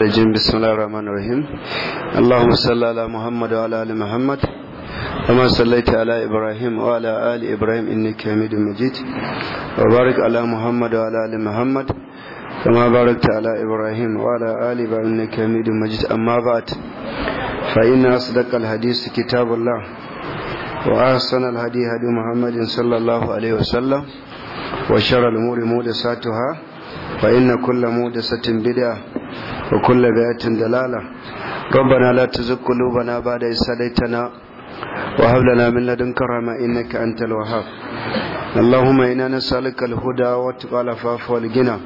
الرجيم بسم الله الرحمن الرحيم اللهم صل على محمد وعلى ال محمد كما صليت على ابراهيم وعلى ال ابراهيم انك حميد مجيد وبارك على محمد وعلى ال محمد كما باركت على ابراهيم وعلى ال ابراهيم انك حميد مجيد اما بعد فان اصدق الحديث كتاب الله واحسن الهدي هدي محمد صلى الله عليه وسلم وشر الامور محدثاتها فان كل محدثه بدعه وكل بآت دلالة ربنا لا تزغ قلوبنا بعد إذ هديتنا وهب لنا من لدنك رحمة إنك أنت الوهاب اللهم إنا نسألك الهدى واتقى العفاف والغنى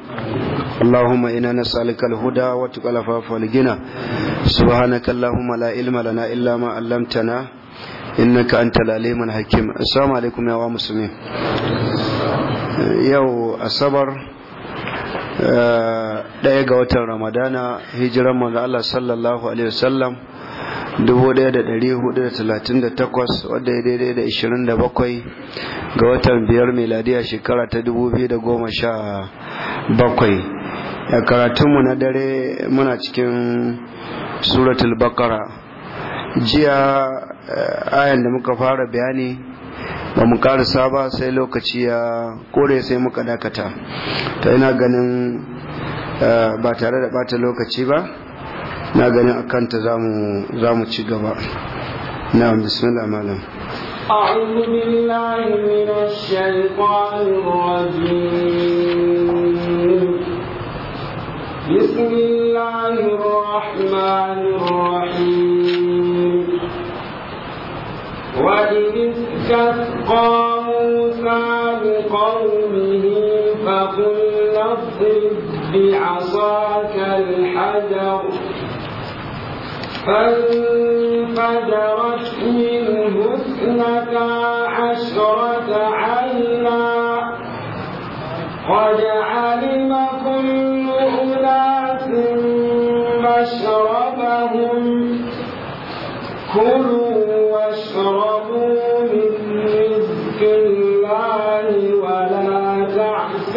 اللهم إنا نسألك الهدى واتقى العفاف والغنى سبحانك اللهم لا علم لنا إلا ما علمتنا إنك أنت العليم الحكيم السلام عليكم يا مسلمين يو الصبر Eh, ɗaya ga watan ramadana hijiran manzo Allah sallallahu alaihi wasallam 1438 wadda ya daidai da 27 ga watan biyar miladiya shekara ta 2017 a karatunmu na dare muna cikin suratul bakara jiya eh, ayan da muka fara bayani ba mu karasa ba sai lokaci ya kore sai muka dakata ta ina ganin eh, ba tare da bata lokaci ba na ganin akanta za mu ci gaba na bismillah malam أعوذ بالله من الشيطان الرجيم بسم الله الرحمن الرحيم فاستسقى موسى لقومه فقل اضرب بعصاك الحجر فانفجرت منه اثنتا عشرة عينا وجعل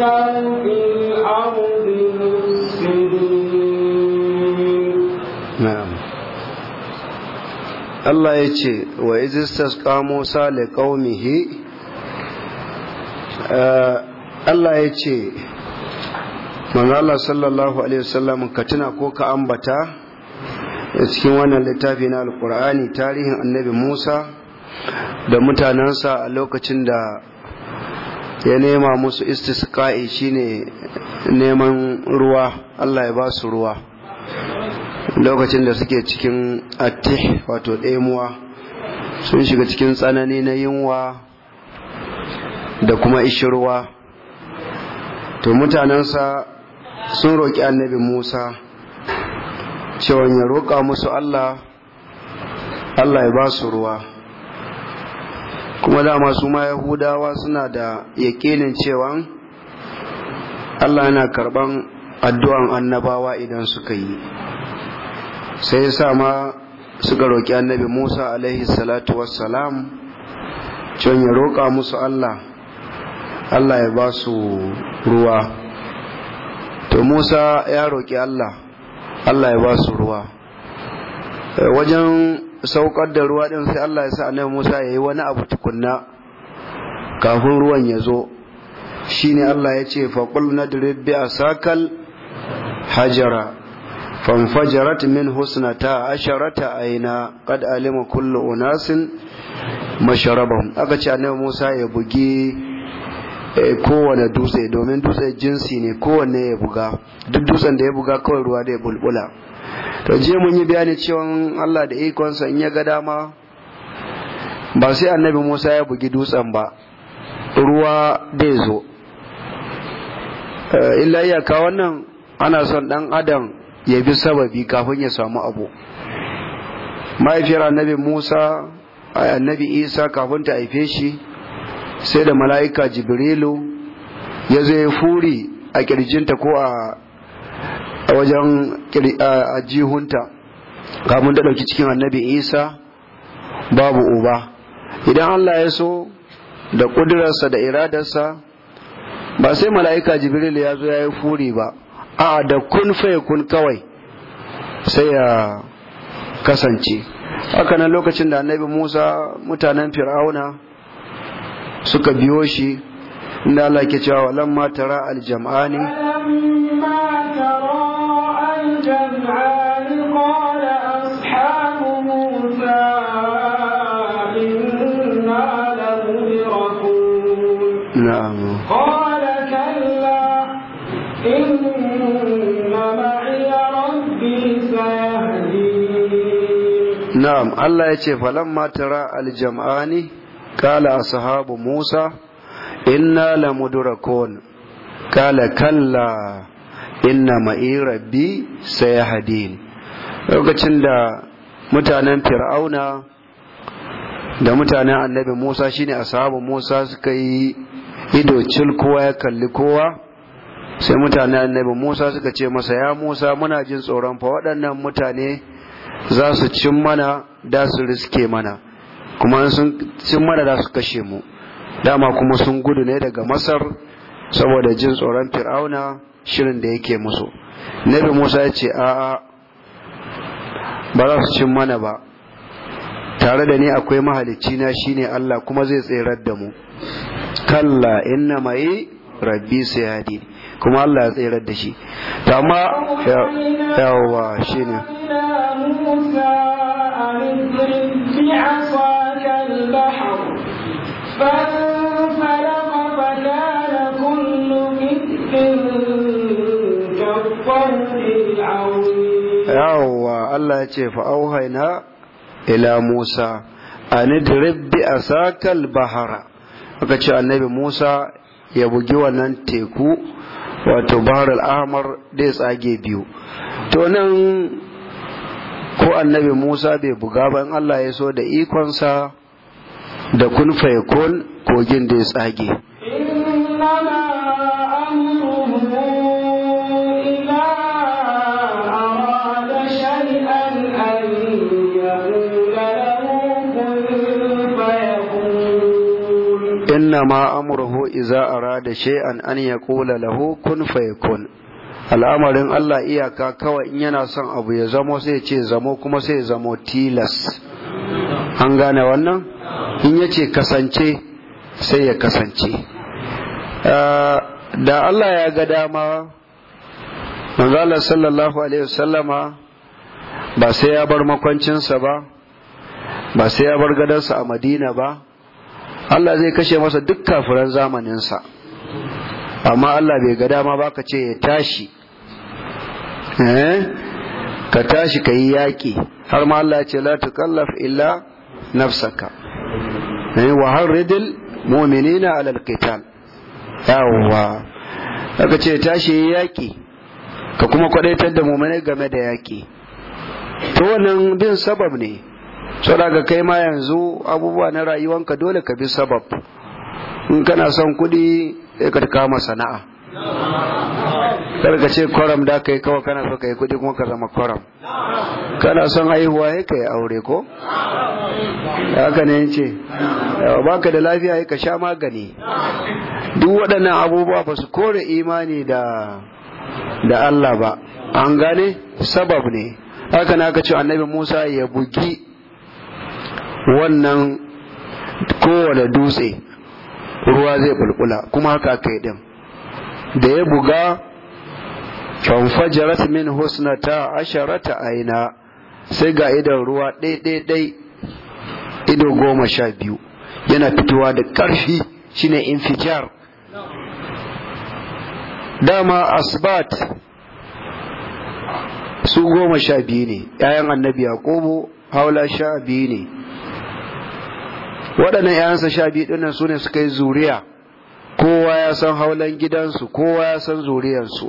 Allah ya ce wa izistas Musa da eh, Allah ya ce Allah sallallahu Alaihi wasallam ka tuna ko ka ambata cikin wannan littafi na alkur'ani tarihin annabi Musa da mutanensa a lokacin da ya nema musu istisqa'i shine neman ruwa Allah ya ba su ruwa lokacin da suke cikin ati wato ɗemuwa sun shiga cikin tsanani na yunwa da kuma ishirwa to mutanensa sun roƙi annabi musa cewa ya roƙa musu Allah Allah ya ba su ruwa kuma dama su ma yahudawa suna da yakinin cewa Allah yana karban addu'an annabawa idan suka yi sai sa ma suka roƙi annabi Musa alaihi salatu wassalam can ya roƙa musu Allah Allah ya ba su ruwa to Musa ya roƙi Allah Allah ya ba su ruwa wajen saukar da ruwa din sai Allah ya sa annabi Musa ya yi wani abu tukunna kafin ruwan ya zo shine Allah ya ce na nadrib bi sakal hajara fanfajarat min husnata asharata aina qad alima kullu unasin masharabam. aka ce annabi Musa ya bugi eh, kowane dutse domin dutse jinsi ne kowanne ya buga duk dutsen da ya buga kawai ruwa da ya bulbula to je mun yi bayani cewa Allah da ikonsa in ya ga dama ba sai annabi Musa ya bugi dutsen ba ruwa dai zo eh, illa iyaka wannan ana son dan adam ya bi sababi kafin ya samu abu mahaifiyar annabi musa annabi isa kafin ta haife shi sai da mala'ika jibrilu ya zo furi a kirjinta ko a a wajen ajihunta kamun da ɗauki cikin annabi isa babu uba idan allah ya so da ƙudurarsa da iradarsa ba sai mala'ika jibril ya zo ya yi furi ba a da kun faye kun kawai sai ya kasance haka nan lokacin da annabi musa mutanen fir'auna suka biyo shi inda Allah ke cewa walan ma tara aljam'ani lamma tara aljam'ani musa Allah ya ce falamma tara aljam'ani kala ashabu musa inna la mudurakun kala kalla inna ma'i rabbi sayahdin lokacin da mutanen fir'auna da mutanen annabi Musa shine ashabu Musa suka yi ido cil ya kalli kowa sai mutanen annabi Musa suka ce masa ya Musa muna jin tsoron fa waɗannan mutane za su cin mana da su riske mana kuma sun cin mana da su kashe mu dama kuma sun gudu ne daga masar saboda jin tsoron fir'auna shirin da yake musu nabi musa ya ce a'a ba za su cin mana ba tare da ni akwai mahalicci na shine allah kuma zai tserar da mu kalla inna mai rabbi sayadi kuma allah ya tserar da shi ta ma yawa ne musa yawwa Allah ya ce fa ila Musa an idrib bi asakal bahara aka ce annabi Musa ya bugi wannan teku wato bahar al'amar da ya tsage biyu to nan ko annabi Musa bai buga ba Allah ya so da ikonsa da kun kogin da ya tsage innama amruhu iza arada shay'an an yaqula lahu kun fayakun al'amarin Allah iyaka kawai in yana son abu ya zamo sai ce zamo kuma sai zamo tilas an gane wannan in ya ce kasance sai ya kasance da Allah ya ga dama manzala sallallahu alaihi wasallama ba sai ya bar makwancinsa ba ba sai ya bar gadarsa a madina ba Allah zai kashe masa duk kafiran zamaninsa amma Allah bai ga dama ba ka ce ya tashi eh? ka tashi ka yi yaƙi har ma Allah ce la tukallaf illa nafsaka eh? wa harridil mu'minina alal qital yawwa aka ce tashi yi yaƙi ka kuma kwadaitar da mu'minai game da yaƙi to wannan bin sabab ne so ga kai ma yanzu abubuwa na rayuwanka dole ka bi sabab in kana son kuɗi sai ka kama sana'a kar ce kwaram da kai kawai kana so ka yi kuma ka zama kwaram kana son haihuwa ya kai aure ko haka ne ce baka da lafiya ya ka sha magani duk waɗannan abubuwa ba su kore imani da da Allah ba an gane sabab ne haka na ka ce annabi Musa ya bugi wannan kowane dutse ruwa zai bulbula kuma haka kai yi da ya buga fanfajarat min husnata asharata aina sai ga idan ruwa ɗaiɗaiɗai ido goma sha biyu yana fitowa da ƙarfi shine infijar dama asbat su goma sha biyu ne ‘ya'yan annabi yakobo haula sha biyu ne waɗannan ‘ya'yansa sha biyu ɗinnan su ne suka yi zuriya kowa ya san haulan gidansu kowa ya san zuriyarsu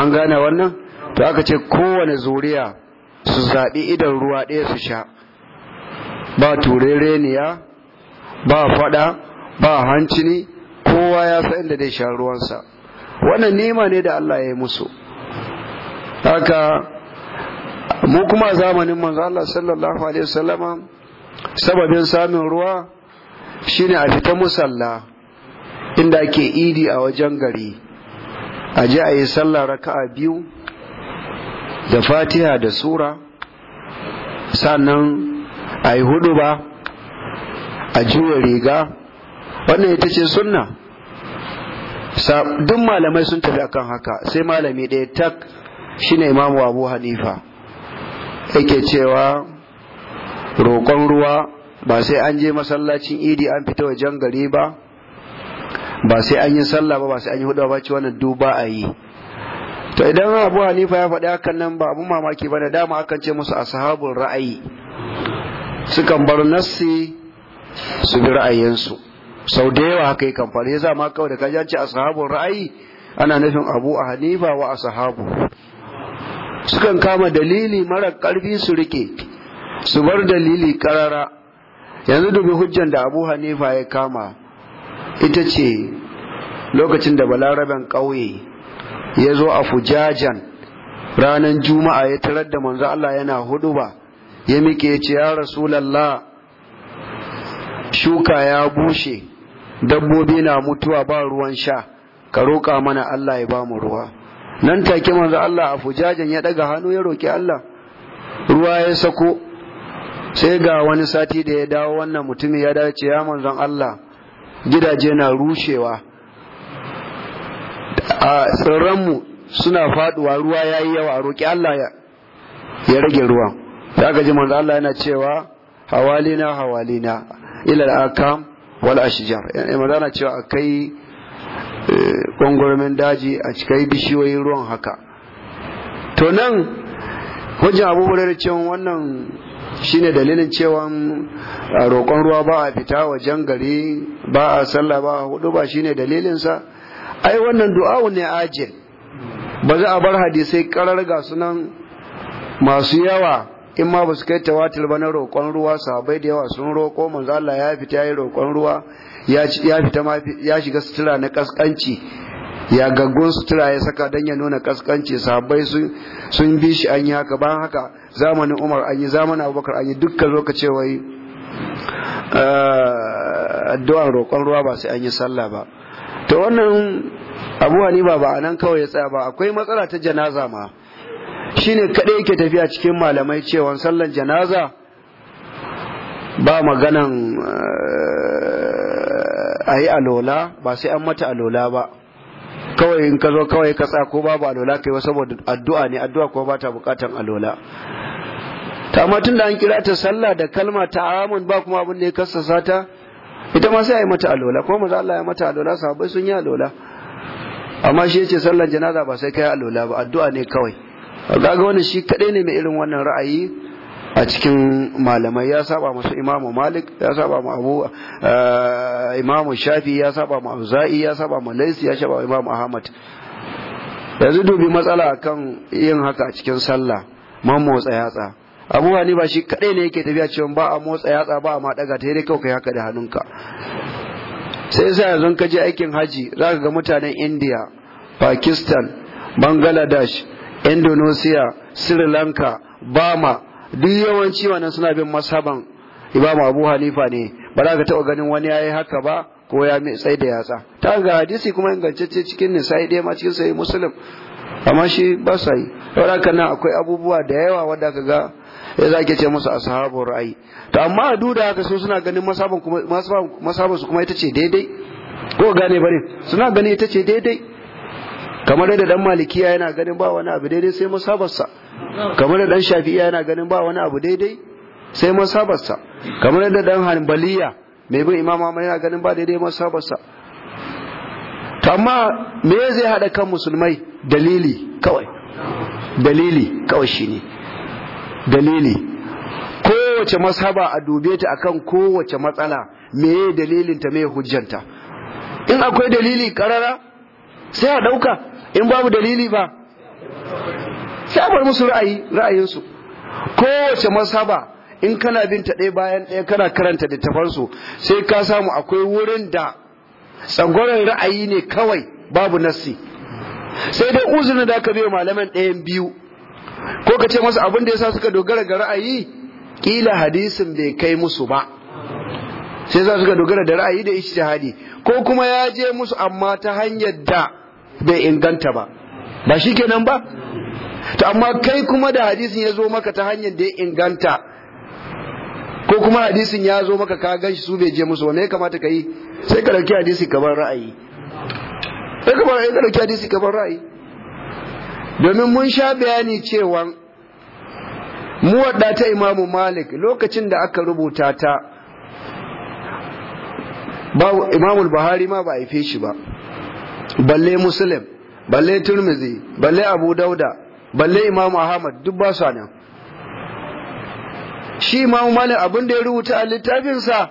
an gane wannan to aka ce kowane zuriya su zaɓi idan ruwa ɗaya su sha ba turereniya ba faɗa ba hancini kowa ya san inda dai sha ruwansa wannan nema ne da Allah ya yi musu haka mu kuma zamanin manzo Allah sallallahu alaihi wasallama sababin samun ruwa shine a fita musalla inda ake idi a wajen gari a ji a yi sallah raka'a biyu da fatiha da sura sannan a yi hudu ba a juya riga wannan ita ce sunna duk malamai sun tafi akan haka sai malami ɗaya tak shine imamu abu hanifa yake cewa roƙon ruwa ba sai an je masallacin idi an fita wajen gari ba ba sai an yi sallah ba ba sai an yi hudu ba ci wannan duba a yi to idan abu hanifa ya faɗi hakan nan ba abun mamaki ba da dama akan ce musu ashabul ra'ayi sukan bar nassi su bi ra'ayinsu sau da yawa haka yi kamfani ya ma kawai da kajan ce ashabul ra'ayi ana nufin abu a hanifa wa ashabu sukan kama dalili mara ƙarfi su rike su bar dalili karara yanzu dubi hujjan da abu hanifa ya kama ita ce lokacin da balaraben ƙauye ya zo a fujajen ranar juma'a ya tarar da manzo Allah yana hudu ba ya mike ce ya rasulallah shuka ya bushe dabbobi na mutuwa ba ruwan sha ka roƙa mana Allah ya ba mu ruwa nan take manzo Allah a fujajen ya daga hannu ya roƙi Allah ruwa ya sako sai ga wani sati da ya dawo wannan mutumin ya dace ya manzon Allah gidaje na rushewa a tsirranmu suna faduwa ruwa ya yi yawa roƙi Allah ya rage ruwa ya gaji manzon Allah yana cewa hawalina hawalina ilal akam wal ashjar manzon Allah cewa akai kongoromin eh, daji a cikai bishiyoyin ruwan haka to nan hujja abubuwar cewa wannan shine dalilin cewa roƙon ruwa ba a fita wajen gari ba a sallah ba a hudu ba shine dalilin sa ai wannan du'a ne ajil ba za a bar hadisai karar ga sunan masu yawa in ma ba su kai tawatir ba na roƙon ruwa sahabbai da yawa sun roƙo manzo Allah ya fita ya roƙon ruwa ya fita ma ya shiga sutura na kaskanci ya gaggun sutura ya saka dan ya nuna kaskanci sahabbai sun bi shi an yi haka ban haka zamanin umar an yi zamanin abubakar an yi dukkan lokaci wai eh, addu'an roƙon ruwa ba sai an yi sallah ba to wannan abu hanifa ba a nan kawai ya tsaya ba akwai matsala ta janaza ma shine kaɗai yake tafiya cikin malamai cewa sallan janaza ba maganan eh, a yi alola ba sai an mata alola ba kawai in ka zo kawai ka sa ko babu alola kai ba saboda addu'a ne addu'a kuma ba ta bukatan alola ta amma tun da an kira ta sallah da kalma ta amun ba kuma abin da ya kassasa ta ita ma sai a yi mata alola kuma maza Allah ya mata alola sahabbai sun yi alola amma shi yace sallar janaza ba sai kai alola ba addu'a ne kawai kaga wannan shi kadai ne mai irin wannan ra'ayi a cikin malamai ya saba masu imamu malik ya saba mu abu eh, imamu shafi ya saba mu Za'i ya saba mu laisi ya saba imamu ahmad yanzu dubi matsala kan yin haka a cikin sallah man motsa yatsa abu ba shi kaɗai ne yake tafiya cewa ba a motsa yatsa ba a ma daga ta yi kawai kai haka da hannunka sai sai yanzu ka je aikin haji za ka ga mutanen india pakistan bangladesh indonesia sri lanka bama duk yawanci wannan suna bin masaban Imam Abu Hanifa ne ba za ka taɓa ganin wani ya yi haka ba ko ya mai tsaye da yatsa ta ga hadisi kuma ingantacce cikin nisa'i ɗaya ma cikin sayi musulun amma shi ba sa yi saboda nan akwai abubuwa da yawa wanda ka ga ya ke ce musu sahabar ra'ayi ta amma a duda haka sun suna ganin masaban kuma su kuma ita ce daidai ko gane bare suna ganin ita ce daidai kamar da dan malikiya yana ganin ba wani abu daidai sai masabarsa kamar da dan shafi'iya yana ganin ba wani abu daidai sai masabarsa kamar da dan hanbaliya mai bin imama mai yana ganin ba daidai masabarsa to amma me zai hada kan musulmai dalili kawai dalili kawai shine dalili kowace masaba a dube ta akan kowace matsala meye dalilinta meye hujjanta in akwai dalili karara sai a ɗauka in babu dalili ba sai musu ra'ayi ra'ayinsu kowace masaba in kana bin ta ɗaya bayan ɗaya kana karanta littafansu sai ka samu akwai wurin da tsagoron ra'ayi ne kawai babu nassi sai dai uzurin da aka biyo malaman ɗayan biyu ko ka ce masa abin da ya sa suka dogara ga ra'ayi Ƙila hadisin bai kai musu ba sai za suka dogara da ra'ayi da ishtihadi ko kuma ya je musu amma ta hanyar da bai inganta ba ba shi kenan ba to amma kai kuma da hadisin ya zo maka ta hanyar da ya inganta ko kuma hadisin ya zo maka ka gan shi su bai je musu ba me ya kamata ka yi sai ka dauki hadisi kamar ra'ayi sai ka dauki hadisi kamar ra'ayi domin mun sha bayani cewa wadda ta imamu malik lokacin da aka rubuta ta imamul buhari ma ba a yi shi ba balle muslim balle turmizi balle abu dauda balle imamu ahmad duk ba su nan shi imamu malik abin da ya rubuta a littafinsa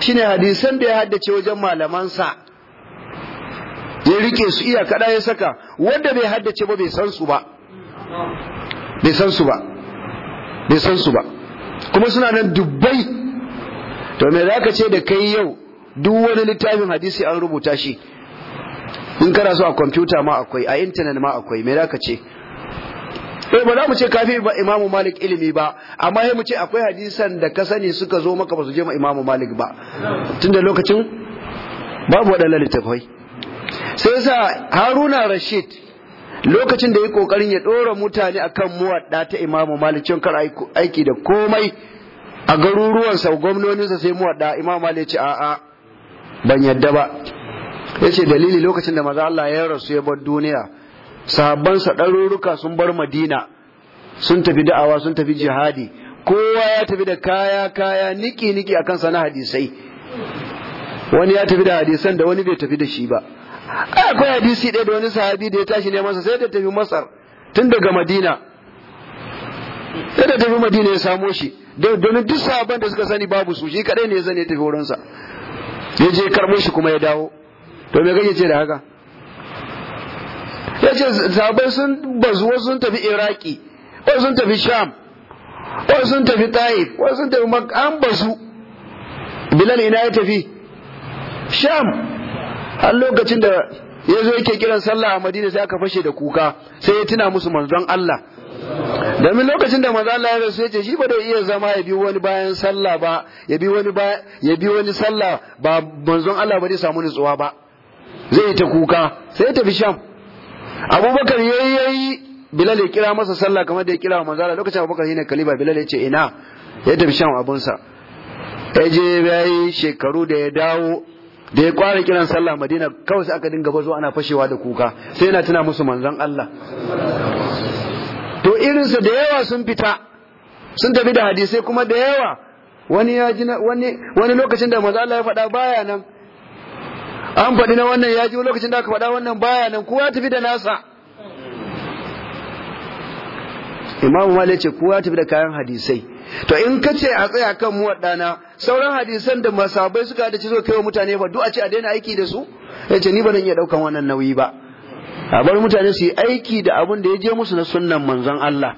shine hadisan da ya haddace wajen malamansa ya rike su iya kada ya saka wanda bai haddace ba bai san su ba bai san su ba bai san su ba kuma suna nan dubbai to me zaka ce da kai yau duk wani littafin hadisi an rubuta shi in kana so a kwamfuta ma akwai a intanet ma akwai me zaka ce eh ba za mu ce kafi ba imamu malik ilimi ba amma sai mu ce akwai hadisan da ka sani suka zo maka ba su je ma imamu malik ba tunda lokacin babu wadannan littafai sai sa haruna rashid lokacin da ya kokarin ya ɗora mutane akan muwadda ta imamu malik cin kar aiki da komai a garuruwansa gwamnoninsa sai muwadda imamu malik ce a'a ban yadda ba yace dalili lokacin da maza Allah ya rasu ya bar duniya sa ɗaruruka sun bar Madina sun tafi da'awa sun tafi jihadi kowa ya tafi da kaya kaya niki niki akan sa na hadisai wani ya tafi da hadisan da wani bai tafi da shi ba akwai hadisi ɗaya da wani sahabi da ya tashi neman sa sai da tafi Masar tun daga Madina sai da tafi Madina ya samo shi domin duk sabon da suka sani babu su shi kadai ne ya zane tafi wurinsa ya je karɓo shi kuma ya dawo to me kake ce da haka ya ce sabai sun bazu wasu sun tafi iraki wasu sun tafi sham wasu sun tafi taif wasu sun tafi an basu bilal ina ya tafi sham har lokacin da ya zo yake kiran sallah a madina sai aka fashe da kuka sai ya tuna musu manzon Allah domin lokacin da manzon Allah ya rasu yace ce shi ba da iya zama ya bi wani bayan sallah ba ya bi wani ya bi wani sallah ba manzon Allah ba zai samu nutsuwa ba zai ta kuka sai ya tafi sham abubakar ya yi bilal ya kira masa sallah kamar da ya kira wa manzala lokacin abubakar yana kaliba bilal ya ce ina ya tafi sham abunsa ya je ya yi shekaru da ya dawo da ya kwara kiran sallah madina kawai sai aka dinga bazo ana fashewa da kuka sai yana tuna musu manzon Allah to irinsu da yawa sun fita sun tafi da hadisai kuma da yawa wani ya wani wani lokacin da manzo Allah ya faɗa baya nan an faɗi na wannan ya ji lokacin da aka faɗa wannan baya nan kowa tafi da nasa imamu male ce kowa tafi da kayan hadisai to in ka ce a tsaya kan waɗana sauran hadisan da masabai suka da ci zo kai wa mutane ba duk a ce a daina aiki da su ya ce ni ba zan iya ɗaukan wannan nauyi ba a bar mutane su yi aiki da abin da ya je musu na sunnan manzon Allah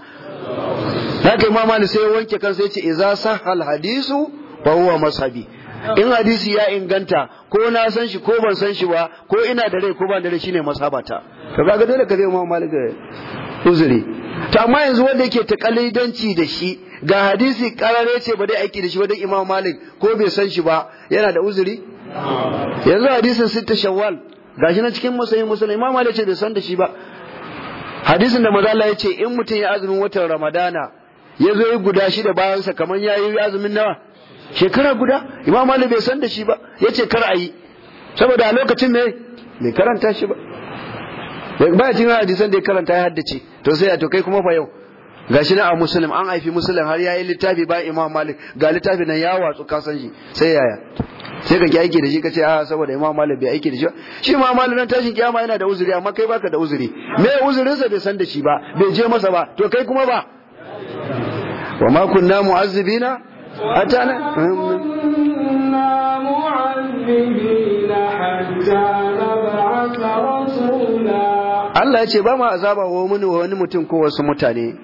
haka imam malik sai wanke kansa ya ce idza sahal hadisu fa huwa mashabi Oh. in hadisi ya inganta ko na san shi ko ban san shi ba ko ina da rai ko ban da rai shine masabata to kaga dole ka zai ma malika uzuri to amma yanzu wanda yake takalidanci da shi ga hadisi karare ce ba dai aiki da shi ba dan Imam Malik ko bai san shi ba yana da uzuri oh. yanzu hadisin sita shawwal gashi na cikin musulmi musulmi Imam Malik ce bai san da shi ba hadisin da maza Allah ya ce in mutum ya azumin watan Ramadana ya zo ya guda shi da bayansa kamar ya yi azumin nawa shekara guda imam malik bai san da shi ba yace kar a yi saboda a lokacin ne bai karanta shi ba ba ya cikin hadisan da ya karanta ya haddace to sai a to kai kuma fa yau gashi na a musulun an haifi musulun har yayi littafi ba imam malik ga littafi nan ya watsu ka san shi sai yaya sai ka ki aiki da shi ka ce a ah, saboda imam malik bai aiki da shi shi imam malik nan tashin kiyama yana da uzuri amma kai baka da uzuri me uzurinsa bai san da shi ba bai je masa ba to kai kuma ba wa ma kunna mu'azzibina Allah ya ce ba mu azaba wa wani wa wani mutum ko wasu mutane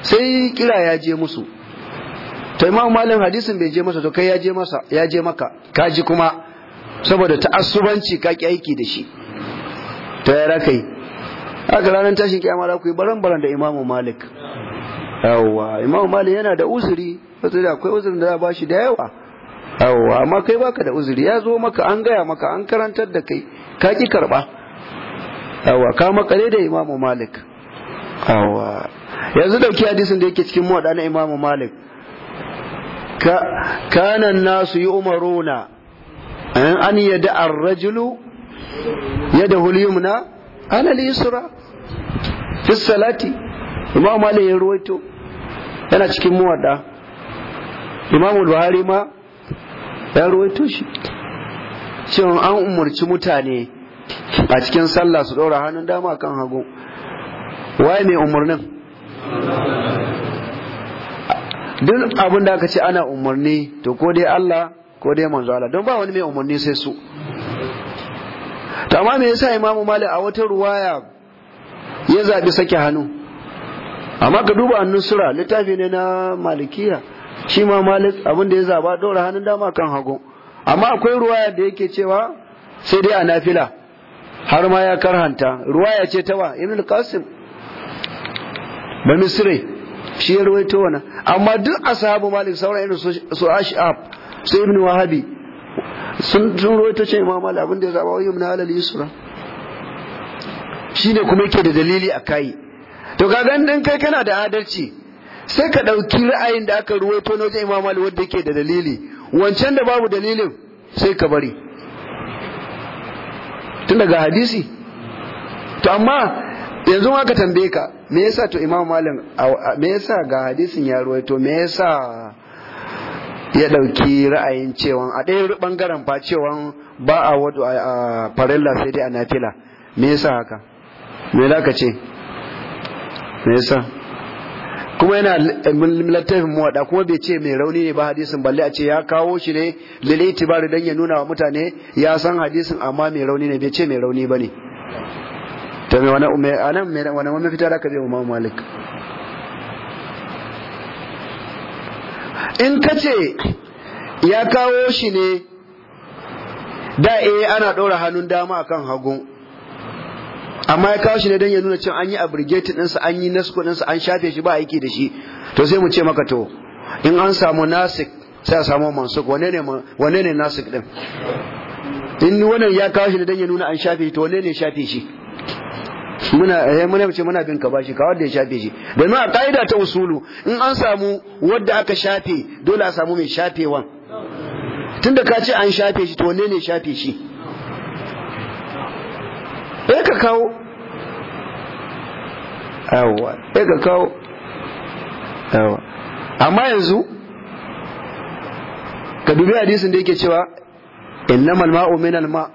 sai kira ya je musu to imamu malam hadisin bai je masa to kai ya je masa ya je maka ka ji kuma saboda ta'assubanci ka ki aiki da shi to ya rakai aka ranar tashin kiyama za ku yi baran baran da imamu malik yawwa imamu malik yana da usuri wasu da akwai uzurin da za ba shi da yawa yawa amma kai baka da uzuri ya zo maka an gaya maka an karantar da kai ka ki karba yawa ka makare da imamu malik yawa yanzu dauki hadisin da yake cikin muwaɗa na imamu malik kana nasu yi umaruna eh, an yada ar-rajulu yadahu al na. ala al sura. fi salati imamu malik ya ruwaito yana cikin muwadda imamu buhari ma ya ruwaito shi cewa an umarci mutane a cikin sallah su ɗora hannun dama kan hagu waye mai umarnin duk abin da aka ce ana umarni to ko dai Allah ko dai manzo Allah don ba wani mai umarni sai su to amma me yasa imamu malik a wata ruwaya ya zabi sake hannu amma ka duba annusura littafi ne na malikiya shi ma malik abin da ya zaba ɗora hannun dama kan hagu amma akwai ruwaya da yake cewa sai dai a nafila har ma ya karhanta ruwaya ce ta wa ibn qasim ba misri shi ya ruwaito wannan amma duk ashabu malik sauran irin su ashab su ibn wahabi sun sun ruwaito ce imam malik abin da ya zaba wayyum na halal yusra shine kuma yake da dalili a kai to kaga dan kai kana da adalci sai ka ɗauki ra'ayin da aka ruwaito na wajen imam malik wanda yake da dalili wancan da babu dalilin sai ka bari tun daga hadisi to amma yanzu ma ka tambaye ka me yasa to imam malik me yasa ga hadisin ya ruwaito me yasa ya ɗauki ra'ayin cewa a ɗaya ɓangaren fa cewa ba a wadu a farilla sai dai a nafila me yasa haka me za ka ce me yasa kuma yana littafin muwaɗa kuma bai ce mai rauni ne ba hadisin balle a ce ya kawo shi ne lil ba don ya nuna wa mutane ya san hadisin amma mai rauni ne bai ce mai rauni ba ne me wannan me anan me wannan mun fita da ka bai Imam Malik in ka ce ya kawo shi ne da eh ana ɗora hannun dama akan hagu amma ya kawo shi ne don ya nuna cewa an yi abrogated ɗinsa an yi nasko ɗinsa an shafe shi ba aiki da shi to sai mu ce maka to in an samu nasik sai a samu mansuk wane ne nasik ɗin in wannan ya kawo shi ne don ya nuna an shafe shi to wane ne shafe shi muna eh muna ce muna bin ka bashi ka wanda ya shafe shi domin a ka'ida ta usulu in an samu wanda aka shafe dole a samu mai shafewan tunda ka ce an shafe shi to wane ne shafe shi ka kawo yawwa sai ka kawo yawwa amma yanzu ka dubi hadisin da yake cewa innamal ma'u minal ma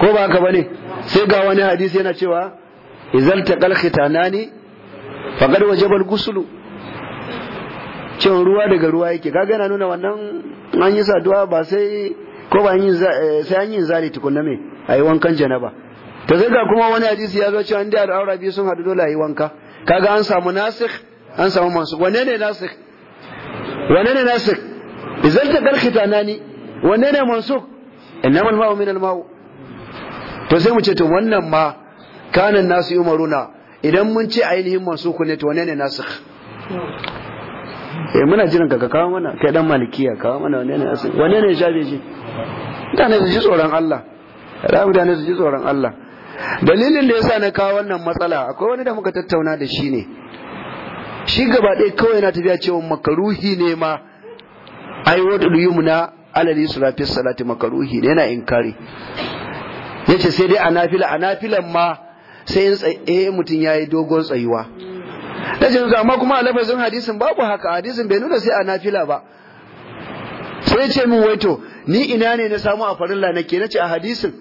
ko ba ka bane sai ga wani hadisi yana cewa izal taqal khitanani faqad wajaba al ghusl cewa ruwa daga ruwa yake kaga yana nuna wannan an yi saduwa ba sai ko ba eh, sai an yi zali tukunna me ayi wankan janaba ta ga kuma wani hadisi ya zo cewa inda al'aura biyu sun haɗu dole a yi wanka kaga an samu nasikh an samu mansukh wanne ne nasikh wanne ne nasikh idan ta dalkita nani wanne ne mansukh innama al-ma'u min al-ma'u to sai mu ce to wannan ma kanan nasu umaruna idan mun ce ainihin ku ne to wanne ne nasikh eh muna jiran ka kawo mana kai dan malikiya kawo mana wanne ne nasikh wanne ne shafe shi mutane su ji tsoron Allah da mutane su ji tsoron Allah dalilin da yasa na kawo wannan matsala akwai wani da muka tattauna da shi ne shi gaba ɗaya kawai yana tafiya cewa makaruhi ne ma ai wadda yumna alal yusra fi salati makaruhi ne yana inkari yace sai dai anafila anafilan ma sai in tsaye eh, mutum yayi dogon tsayuwa nace yanzu amma kuma a lafazin hadisin babu haka hadisin bai nuna sai anafila ba sai ce min waito ni ina ne na samu a farilla nake nace a hadisin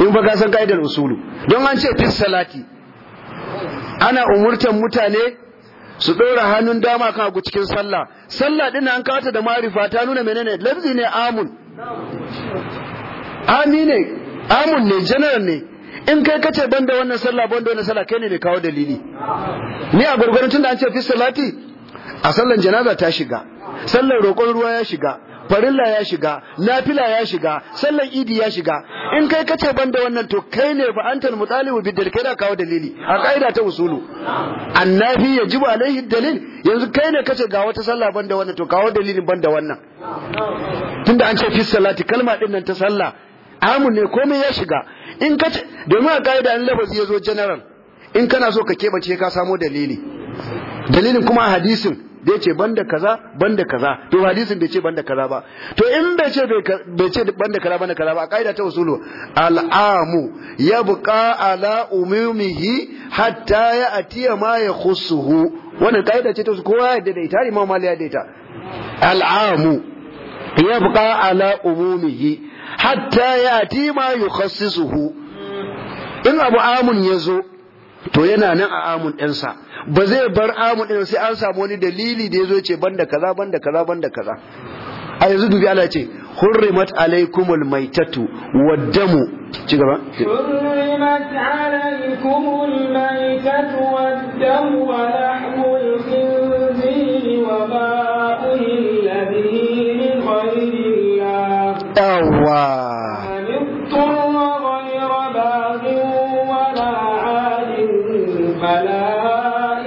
in ba ka san ka'idar usulu don an ce fis salati ana umurtan mutane su ɗora hannun dama kan hagu cikin sallah sallah ɗin an kawata da marifa ta nuna menene lafzi ne amun ami ne amun ne janar ne in kai kace banda wannan sallah banda wannan sallah kai ne mai kawo dalili ni a gurgurun tunda an ce fis salati a sallan janaza ta shiga sallan roƙon ruwa ya shiga farilla ya shiga nafila ya shiga sallan idi ya shiga in kai kace ban da wannan to kai ne fa antal mutalibu bidal kai da kawo dalili a kaida ta usulu annabi yajibu alaihi dalil yanzu kai ne kace ga wata sallah ban da wannan to kawo dalilin ban wannan tunda an ce fi salati kalma din nan ta sallah amun ne komai ya shiga in kace domin a kaida an lafazi ya zo general in kana so ka kebace ka samo dalili dalilin kuma hadisin da ya ce banda kaza banda kaza to hadisin bai ce banda kaza ba to in bai ce bai ce banda kaza banda kaza ba a kaida ta usulu al'amu yabqa ala umumihi hatta ya'ti ma yakhussuhu wannan kaida ce ta usulu kowa ya da ita imam mali ya da ita al'amu yabqa ala umumihi hatta ya'ti ma yakhassisuhu in abu amun yazo to yana nan a amun ɗinsa ba zai bar amun ɗin sai an samu wani dalili da ya zo ce banda kaza banda kaza banda kaza a yanzu dubi Allah ce hurrimat alaikumul maitatu waddamu ci gaba hurrimat alaikumul maitatu waddamu wa lahmul khinziri wa ma uhilla bihi min ghairillah yawwa فلا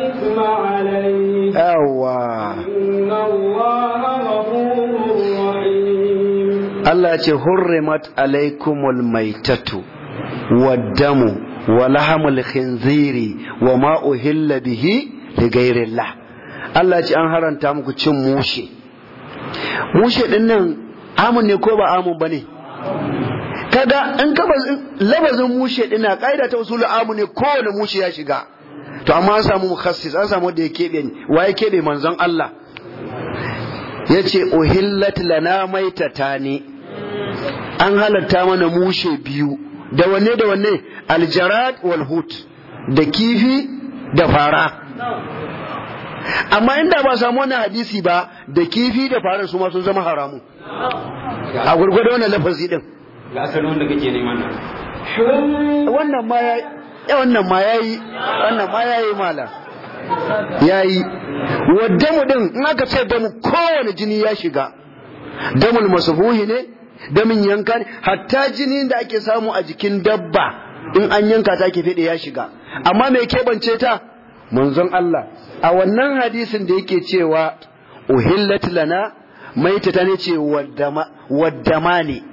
إثم عليه أوى إن الله غفور Allah ya ce hurrimat alaikumul maitatu wa damu wa lahamul khinziri wa ma uhilla bihi li ghairillah Allah ce an haranta muku cin mushe mushe ɗin nan amun ne ko ba amun bane kada in ka lafazin mushe din na kaida ta usulu amun ne ko mushe ya shiga to amma an samu mukhassis an samu wanda ya keɓe ni wa ya keɓe manzon Allah ya ce uhillat lana maitata ne an halatta mana mushe biyu da wanne da wanne aljarad wal hut da kifi da fara amma inda ba samu wannan hadisi ba da kifi da fara su ma sun zama haramu a gurgurda wannan lafazi din ga asalin wanda kake neman wannan ma ya ya wannan ma yi wannan ma mala ya yi wa damu din in aka ce damu kowane jini ya shiga damul masuhuhi ne damin yanka ne hatta jini da ake samu a jikin dabba in an yanka ta ke fede ya shiga amma me keɓance ta manzon Allah a wannan hadisin da yake cewa uhillat lana maita ta ne ce waddama ne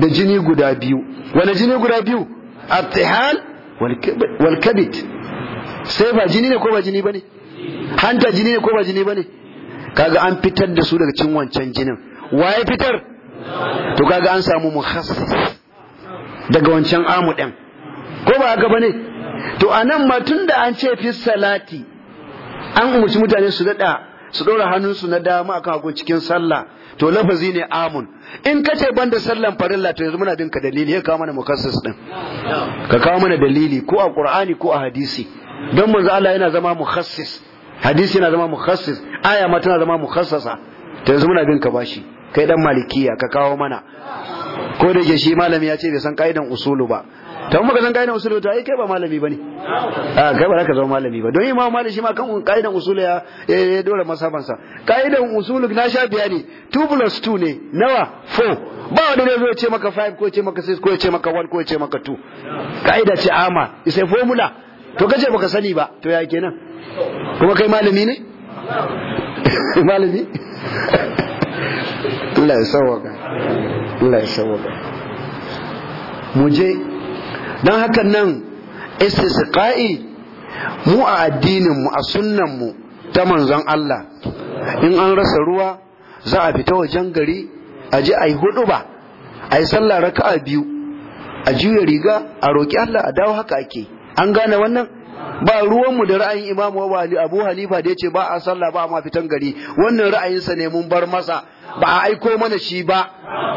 da jini guda biyu wani jini guda biyu attihal wal kabit sai ba jini ne ko ba jini bane hanta jini ne ko ba jini bane kaga an fitar da su daga cikin wancan jinin waye fitar to kaga an samu mukhassis daga wancan amu din ko ba haka bane to anan ma tunda an ce fi salati an umarci mutane su dada su ɗora hannunsu na dama akan hagun cikin sallah to lafazi ne amun in ka ce banda sallan farilla to yanzu muna bin ka dalili ya kawo mana mukassis din ka kawo mana dalili ko a qur'ani ko a hadisi don manzo Allah yana zama mukassis hadisi yana zama mukassis aya ma tana zama mukassasa to yanzu muna bin ka bashi kai dan malikiya ka kawo mana ko da ke shi malami ya ce bai san kaidan usulu ba ta kuma kasan kaidan usulu ta ai kai ba malami bane a ah, kai ba za ka zama malami ba don yi imam malami shi ma kan kaidan usulu ya ya dora masaban sa kaidan usulu na sha biya ne 2 plus 2 ne nawa 4 ba wani ne zai ce maka 5 ko ce maka 6 ko ce maka 1 ko ce maka 2 kaida ce ama isai formula to kace baka sani ba to ya kenan kuma kai malami ne malami Allah ya sauwaka Allah ya sauwaka mu je don haka nan istisqa'i mu a addininmu a sunnanmu ta manzon Allah in an rasa ruwa za a fita wajen gari a je a yi hudu ba a yi sallah raka'a biyu a juya riga a roƙi Allah a dawo haka ake an gane wannan ba ruwanmu da ra'ayin imam abu halifa da ya ce ba a sallah ba a fitan gari wannan ra'ayinsa ne mun bar masa ba a aiko mana shi ba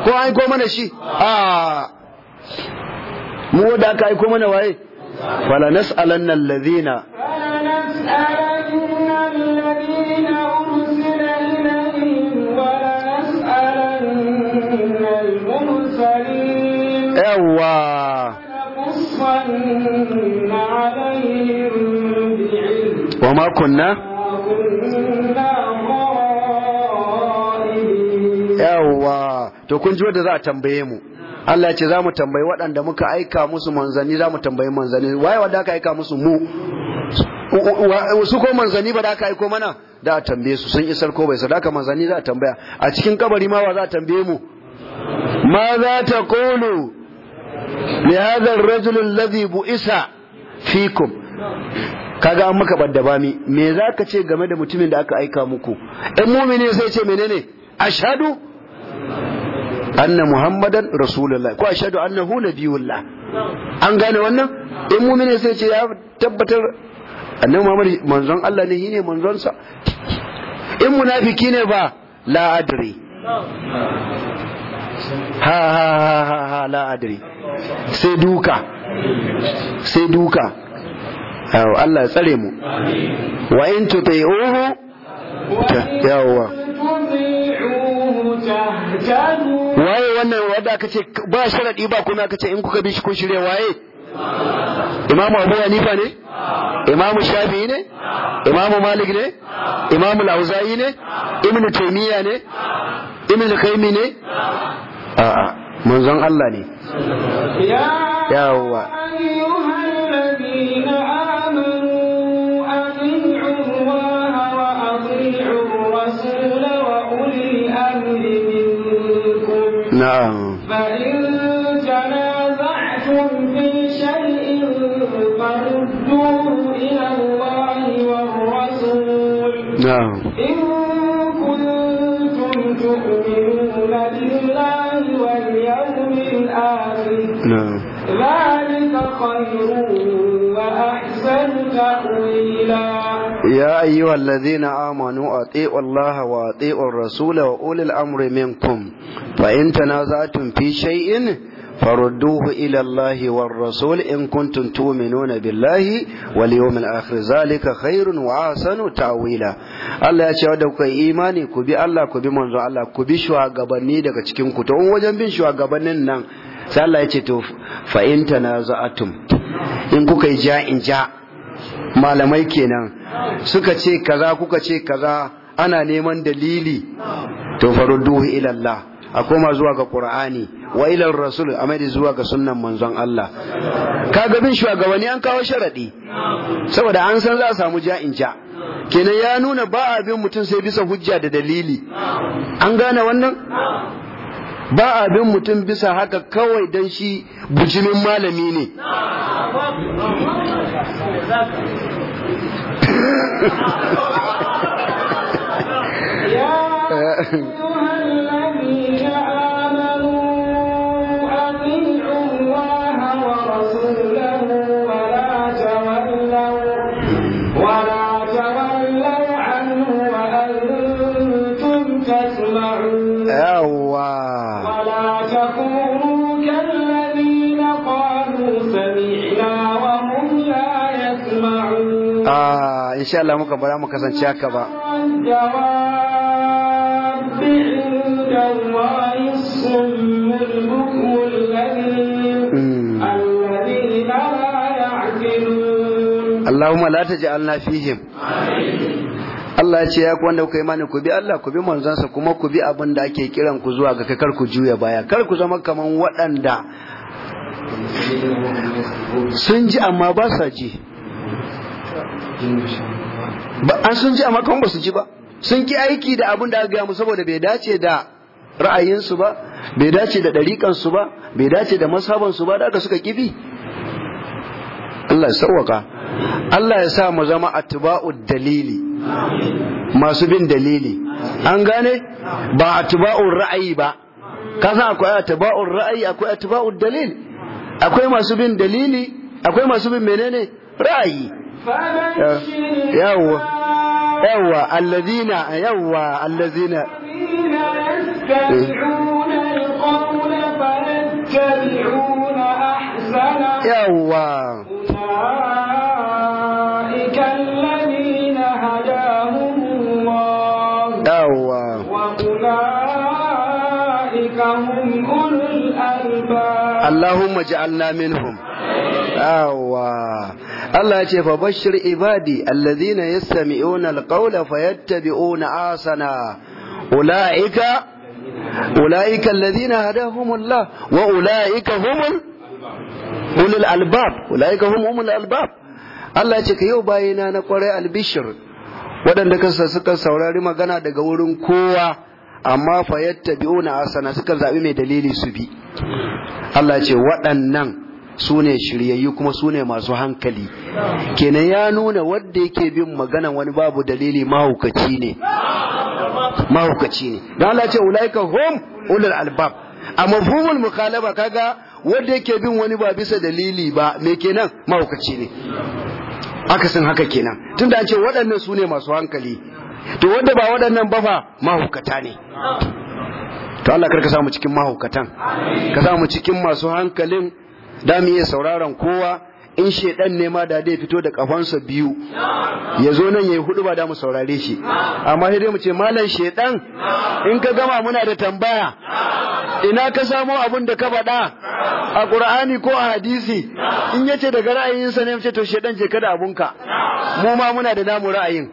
ko aiko mana shi a mu wanda aka aiko mana waye fala nas'alanna alladhina yawa wa ma kunna Yawwa. to kun ji wanda za a tambaye mu Allah ya ce za mu tambayi waɗanda muka aika musu manzanni za mu tambayi manzanni waye wanda aka aika musu mu su ko manzanni ba da aka aiko mana da a tambaye su sun isar ko bai sa da manzanni za a tambaya a cikin kabari ma wa za a tambaye mu ma za ta kulu li hadha ar-rajul alladhi bu'isa fikum kaga an muka badda bami me za ka ce game da mutumin da aka aika muku ɗan mumini sai ce menene ashhadu anna muhammadan rasulullah ko ashhadu annahu nabiyullah an gane wannan in mu'mini sai ce ya tabbatar annabi muhammad manzon Allah ne shine manzon sa in munafiki ne ba la adri ha ha ha ha la sai duka sai duka Allah ya tsare mu wa in tuti'uhu waye wannan wanda aka ce ba sharadi ba kuma aka ce in kuka bi shi kun shirye waye imamu abu hanifa ne imamu Shafi ne imamu malik ne imamu lauzayi ne ibnu taymiya ne ibnu qayyim ne a'a manzon Allah ne yawwa نعم فإن تنازعتم في شيء فردوه إلى الله والرسول نعم ذلك خير وأحسن تأويلا يا أيها الذين آمنوا أطيعوا الله وأطيعوا الرسول وأولي الأمر منكم فإن تنازعتم في شيء فردوه إلى الله والرسول إن كنتم تؤمنون بالله واليوم الآخر ذلك خير وأحسن تأويلا Allah ya ce wa da kuka yi imani ku bi Allah ku bi manzo Allah ku bi shugabanni daga cikin ku to wajen bin shugabannin nan sai Allah ya ce to fa in tanaza'atum in kuka yi ja in ja malamai kenan suka ce kaza kuka ce kaza ana neman dalili to farudduhu ila Allah a koma zuwa ga Qur'ani wa ila Rasul a mai zuwa ga sunnan manzon Allah kaga bin shugabanni an kawo sharaɗi saboda an san za a samu ja'in ja kenan ya nuna ba abin mutum sai bisa hujja da dalili an gane wannan ba abin mutum bisa haka kawai don shi bujimin malami ne yeah. insha Allah muka bara mu kasance haka ba hmm. Allahumma la taj'alna fihim Allah ya ce ya wanda kuka imani ku bi Allah ku bi manzansa kuma ku bi abin da ake kiran ku zuwa ga kar ku juya baya kar ku zama kaman waɗanda sun ji amma ba sa ji an sun ji a makon ba su ji ba sun ki aiki da abin da aka gaya mu saboda bai dace da ra'ayinsu ba bai dace da ɗariƙansu ba bai dace da masabansu ba da aka suka kifi Allah ya sauwaka Allah ya sa mu zama atba'ud dalili masu bin dalili an gane ba atba'ur ra'ayi ba ka san akwai atba'ur ra'ayi akwai atba'ud dalil akwai masu bin dalili akwai masu bin menene ra'ayi يوا يوا الذين يوا الذين يستمعون القول فيتبعون أحسنه يوا أولئك الذين هداهم الله يوا وأولئك هم Allahumma ja'alna minhum awa Allah ce fa bashir ibadi alladhina yastami'una alqawla fayattabi'una humul albab ulaika hum albab Allah ya ce ka yau bayina na kwarai albishir waɗanda kansa suka saurari magana daga wurin kowa amma fa yattabi'una asana suka zabi mai dalili su bi Allah ce waɗannan su ne shiryayyu kuma su ne masu hankali kenan ya nuna wadda yake bin magana wani babu dalili mahaukaci ne mahaukaci ne don Allah ce ulaika hum ulul albab a mafhumul mukhalaba kaga wadda yake bin wani ba bisa dalili ba me kenan mahaukaci ne akasin haka kenan tunda an ce waɗannan su ne masu hankali to wanda ba waɗannan ba fa mahaukata ne to Allah kar karka samu cikin mahaukatan ka samu cikin masu hankalin da mu iya sauraron kowa in shaidan ne ma da dai fito da kafansa biyu ya zo nan ya yi hudu ba da mu saurare shi amma sai dai mu ce malam shaidan in ka gama muna da tambaya ina ka samo abun da ka faɗa a qur'ani ko a hadisi in yace daga ra'ayinsa ne mu ce to shaidan je kada abunka mu ma muna da namu ra'ayin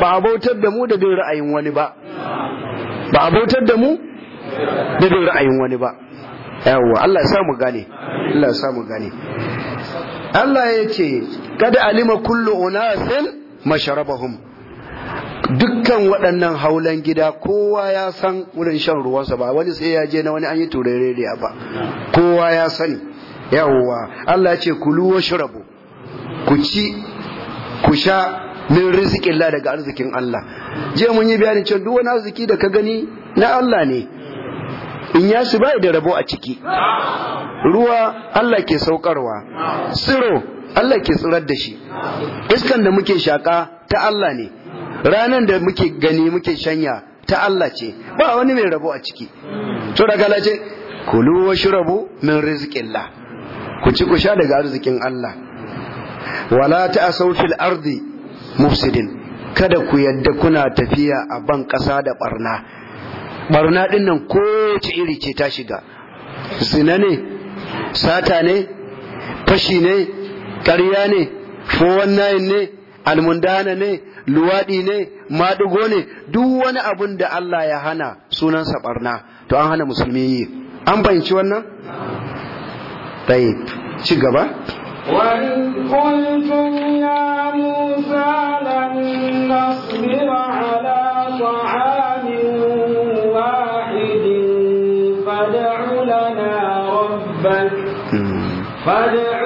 ba a bautar da mu da bin ra'ayin wani ba ba a bautar da mu da bin ra'ayin wani ba yawwa Allah ya mu gane Allah ya mu gane Allah ya ce kada alima kullu unasin masharabahum dukkan waɗannan haulan gida kowa ya san wurin shan ruwansa ba wani sai ya je na wani an yi turereriya ba kowa ya sani yawuwa. Allah ya ce kulu wa shirabu, ku ci ku sha min rizikin daga arzikin Allah je mun yi bayanin cewa duk wani arziki da ka gani na Allah ne in ya shi bai da rabo a ciki ruwa Allah ke saukarwa tsiro Allah ke tsirar da shi iskan da muke shaka ta Allah ne Ranar da muke gani muke shanya ta Allah ce ba wani mai rabo a ciki to daga lace kulu washrabu min rizqillah ku ci ku sha daga arzikin Allah wala ta'asaw fil ardi mufsidin kada ku yadda kuna tafiya a ban ƙasa da barna barna din nan kowace iri ce ta shiga zina ne sata ne fashi ne ƙarya ne nayin ne almundana ne luwaɗi ne maɗigo ne duk wani abun da Allah ya hana sunansa barna to an hana musulmi yi an fahimci wannan? طيب ci gaba وإذ قلتم يا فادعوا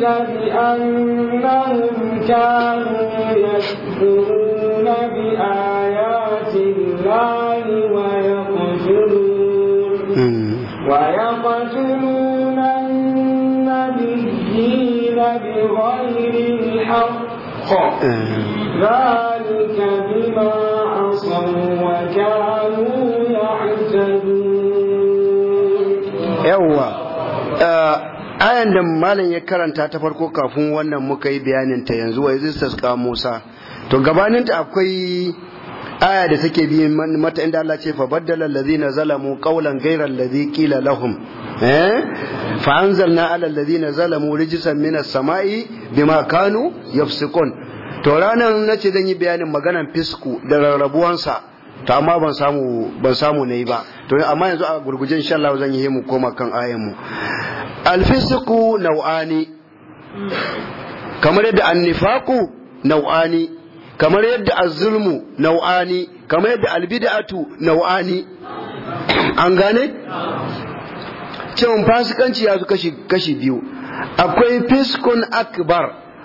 ذلك بأنهم كانوا يكفرون بآيات الله ويقتلون ويقتلون النبيين بغير الحق ذلك بما عصوا وكانوا يعتدون يوه ayan da malam ya karanta ta farko kafin wannan muka yi bayanin ta yanzu wa zai saska Musa to gabanin ta akwai aya da take bi mata inda Allah ce fa baddala allazina zalamu qawlan ghayra allazi qila lahum eh fa anzalna ala allazina zalamu rijsan minas samai bima kanu yafsikun to ranan nace zan yi bayanin maganan fisku da rarrabuwansa to amma ban samu ban samu nayi ba to amma yanzu a gurgujin insha Allah zan yi mu koma kan ayan mu alfisiku nau'ani kamar yadda annifaku nau'ani kamar yadda azulmu nau'ani kamar yadda albid'atu nau'ani an gane cewa fasikanci ya kashi kashi biyu akwai fiskun akbar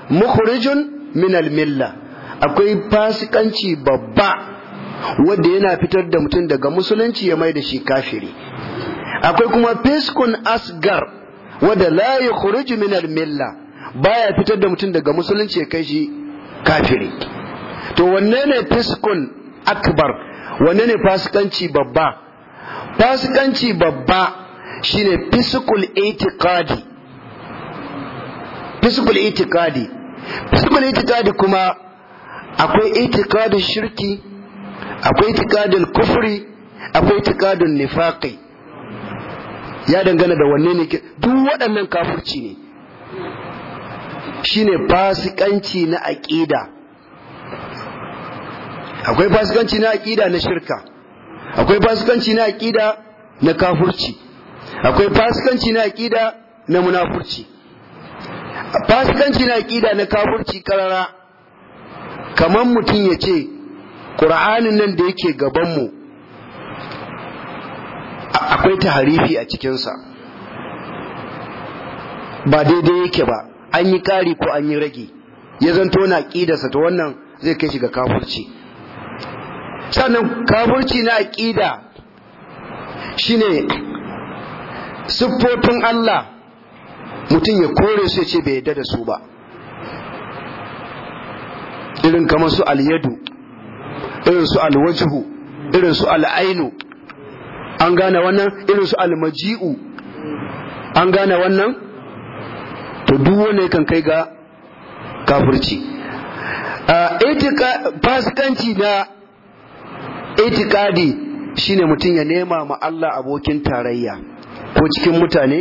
mukhrijun min almilla akwai fasikanci babba wanda yana fitar da mutum daga musulunci ya mai da shi kafiri akwai kuma fiskun asgar wanda la khuruji min al-milla baya fitar da mutum daga musulunci ya kai shi kafiri to wanne ne fiskun akbar wanne ne fasikanci babba fasikanci babba shine fiskul itiqadi fiskul itiqadi fiskul itiqadi kuma akwai itiqadin shirki akwai itiqadin kufri akwai itiqadin nifaqi ya dangana da wanne ne duk waɗannan kafurci ne shine fasikanci na aƙida akwai fasikanci na aƙida na shirka akwai fasikanci na aƙida na kafurci akwai fasikanci na aƙida na munafurci fasikanci na aƙida na kafurci karara kamar mutum ya ce ƙur'anin nan da yake gabanmu akwai taharifi a cikinsa ba daidai yake ba an yi ƙari ko an yi rage ya zanto na ƙidarsa ta wannan zai kai shi ga kafurci sannan kafurci na ƙida ne siffofin Allah mutum ya kore su ya ce bai yarda da su ba irin kamar su alyadu irin su alwajihu irin su al'ainu an gane wannan irin su almaji'u an gane wannan to duk wanda kan kai ga kafirci fasikanci na itikadi shine mutum ya nema ma Allah abokin tarayya ko cikin mutane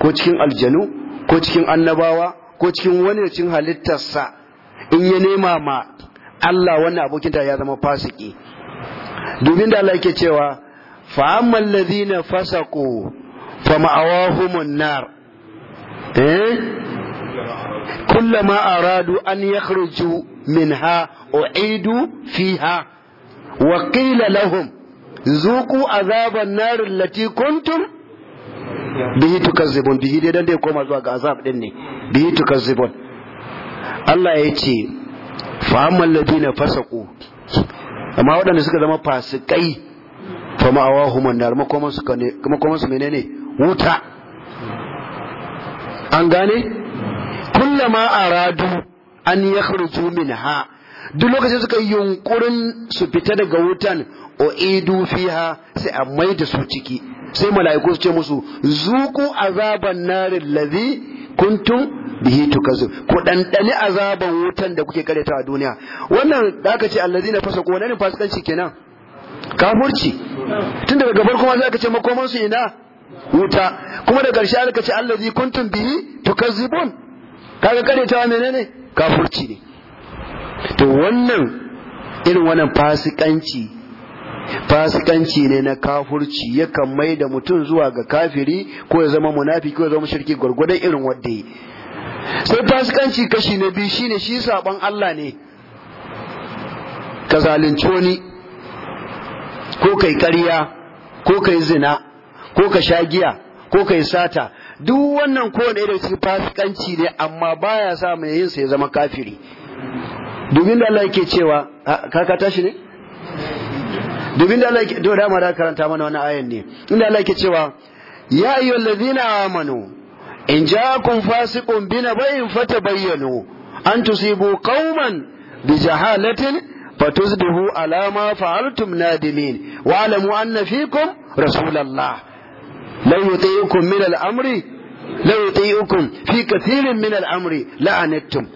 ko cikin aljanu ko cikin annabawa ko cikin wani da cikin halittarsa in ya nema ma Allah wannan abokin tarayya ya zama fasiki domin da Allah yake cewa fa amma alladhina fasaqu fa ma'awahumun nar eh aradu an yakhruju minha u'idu fiha wa qila lahum zuqu azaban nar allati kuntum bihi tukazzibun bihi dai dan dai koma zuwa ga azab din ne bihi tukazzibun Allah ya ce fa amman ladina amma waɗanda suka zama fasikai fa ma'awahum annar makoman su kane makoman su menene wuta an gane kullama aradu an yakhruju minha duk lokacin suka yi yunkurin su fita daga wutan o idu fiha sai a mai da su ciki sai mala'iku su ce musu zuku azaban narin lazi kuntum bihi tukazzu ku dandani azaban wutan da kuke karyata a duniya wannan da aka ce allazina fasaqu wannan fasikanci kenan kafurci tun daga gabar kuma za ka ce makomansu ina wuta kuma da ƙarshe aka ce allazi kuntum bihi tukazzibun kaga kare ta menene kafurci ne to wannan irin wannan fasikanci fasikanci ne na kafurci yakan mai da mutum zuwa ga kafiri ko ya zama munafiki ko ya zama shirki gwargwadon irin wanda yi sai fasikanci kashi na biyu shine shi saban Allah ne ka zalunci wani ko kai ƙarya ko kai zina ko ka shagiya ko kai sata duk wannan kowane da su fasikanci ne amma baya sa mai yin sa ya zama kafiri domin da Allah yake cewa kaka tashi ne domin da Allah yake to da mara karanta mana wannan ayan ne inda Allah yake cewa ya ayyuhal ladina amanu in ja'akum fasiqun binabayin fatabayyanu an tusibu qauman bi jahalatin fatusbihu ala alama fa'altum nadimin wa alamu anna fikum rasulullah la yuti'ukum min al-amri la yuti'ukum fi kathirin min al-amri la'anattum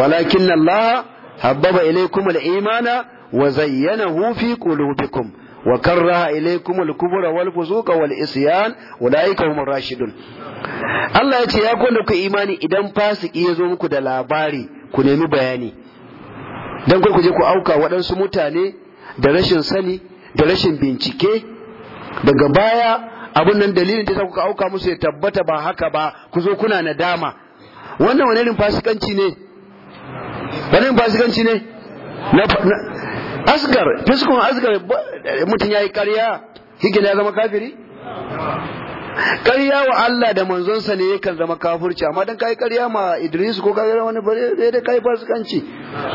walakin Allah habbaba ilaykum al-imana wa zayyanahu fi qulubikum وكره إليكم الكبر والفسوق والإسيان أولئك هم Allah ya ce ya kone ku imani idan fasiki ya muku da labari ku nemi bayani don kai ku je ku auka waɗansu mutane da rashin sani da rashin bincike daga baya abin nan dalilin da kuka auka musu ya tabbata ba haka ba ku zo kuna nadama wannan wani irin fasikanci ne wani fasikanci ne na asgar fiskon asgar mutum ya yi karya higina ya zama kafiri ƙarya wa Allah da manzonsa ne yakan zama kafurci, amma dan kai ƙarya ma Idris ko kai wani bare da kai fasikanci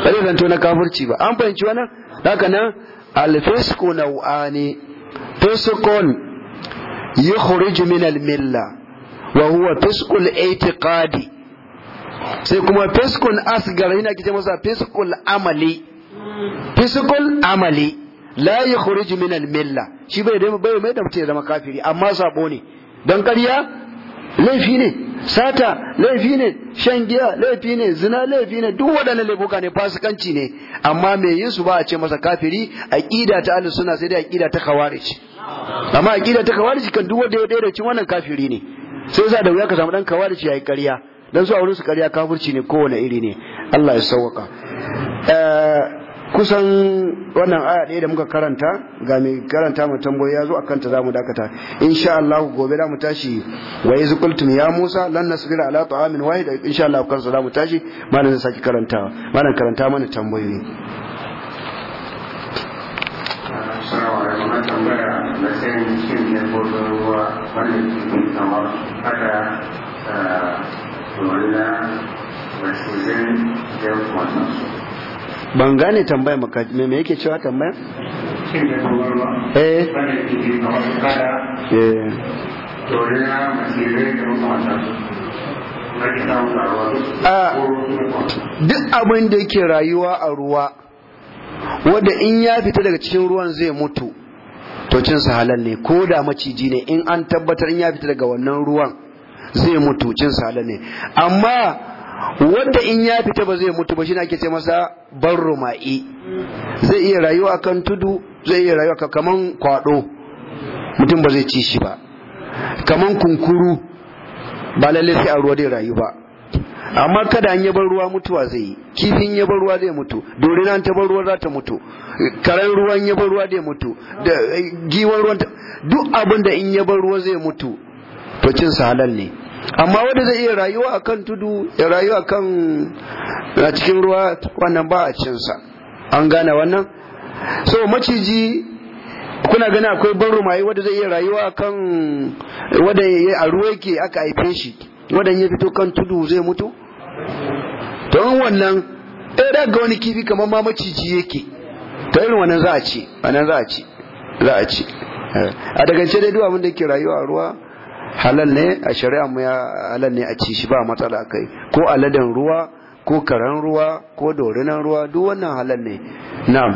bare to na kafurci ba an fahimci wannan haka nan al fisku naw'ani fisqun yukhrij min al-milla wa huwa fisqul i'tiqadi sai kuma fiskul asgar ina kice masa fiskul amali fiskul amali la yukhrij min al-milla shi bai da bai mai da mutum ya zama kafiri amma sabo ne don ƙarya laifi ne sata laifi ne shan giya laifi ne zina laifi ne duk waɗannan laifuka ne fasikanci ne amma me yin su ba a ce masa kafiri ƙida ta alis suna sai dai ƙida ta khawarij amma ƙida ta khawarij kan duk wanda ya daida cin wannan kafiri ne sai za da wuya ka samu dan khawarij yayi ƙarya don su a wurin su ƙarya kafirci ne kowane iri ne Allah ya sauwaka eh, kusan wannan aya ɗaya da muka karanta ga mai karanta mu tambayoyi ya zo a akan ta mu dakata insha Allah gobe za mu tashi wa iz qultum ya Musa lan nasbira ala ta'amin wahid insha Allah kansa za mu tashi malam zai saki karanta malam karanta mana tambayoyi Assalamu alaikum tambaya eh, na sai shin ne bodo ruwa wannan cikin kamar haka wannan wasu zai da kuma ban gane tambaya maka me yake cewa tambaya eh ah, duk abin da yake rayuwa a ruwa wadda in ya fita daga cikin ruwan zai mutu to cinsa halal ne ko da maciji ne in an tabbatar in ya fita daga wannan ruwan zai mutu cinsa halal ne amma wanda in ya fita ba zai mutu ba shi ake ce masa barruma'i zai iya rayuwa kan tudu zai iya rayuwa kaman kwado mutum ba zai ci shi ba kaman kunkuru ba lalle sai a ruwa dai rayu ba amma kada an yabar ruwa mutuwa zai yi kifin yabar ruwa zai mutu dore nan ta ruwa za ta mutu karen ruwan yabar ruwa zai mutu da eh, giwar ruwan duk abin da in yabar ruwa zai mutu to cin sa halal ne amma wanda zai iya rayuwa akan tudu ya rayuwa akan na cikin ruwa wannan ba a cinsa an gane wannan so maciji kuna gani akwai ban rumaye wanda zai iya rayuwa akan wanda a ruwa yake aka haife shi wanda ya fito kan tudu zai mutu don wannan ɗaya eh, daga wani kifi kamar ma maciji yake ta irin wannan za a ce wannan za a ce za a ce eh, a dagance dai duwa mun da ke rayuwa a ruwa halal ne a shari'a mu ya halal ne a ci shi ba matsala kai ko aladan ruwa ko karan ruwa ko dorinan ruwa duk wannan halal ne na'am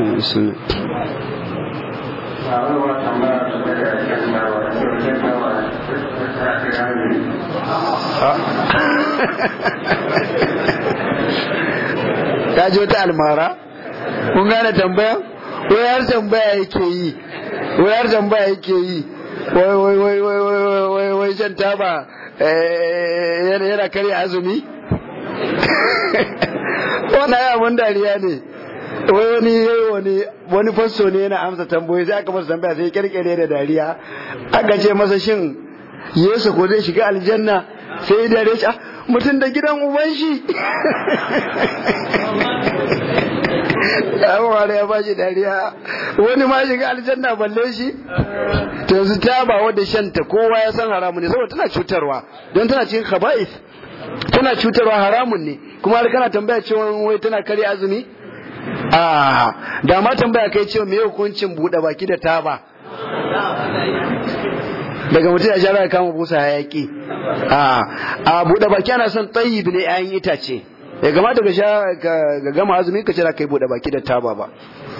ta ji wata almara kun gane tambaya wayar tambaya yake yi wayar tambaya yake yi wai wai wai wai wai wai wai shan taba eh, yana karya azumi wani mun dariya ne wai wani wani wani fasso ne yana amsa tambayoyi sai aka masa tambaya sai kirkire da dariya aka ce masa shin Yesu ko zai shiga aljanna sai dare shi ah, mutum da gidan uban shi abubuwa ya bashi shi dariya wani ma shiga aljanna balle shi to yanzu ta ba wadda shanta kowa ya san haramun ne saboda tana cutarwa don tana cikin kaba'is tana cutarwa haramun ne kuma har kana tambaya cewa wai tana kare azumi Ah, da ma tambaya kai cewa me hukuncin bude baki da taba daga mutum ya sha kama busa hayaki a bude baki ana son tayyib ne 'ya'yan itace ya gamata ka sha gama azumi ka cira kai bude baki da taba ba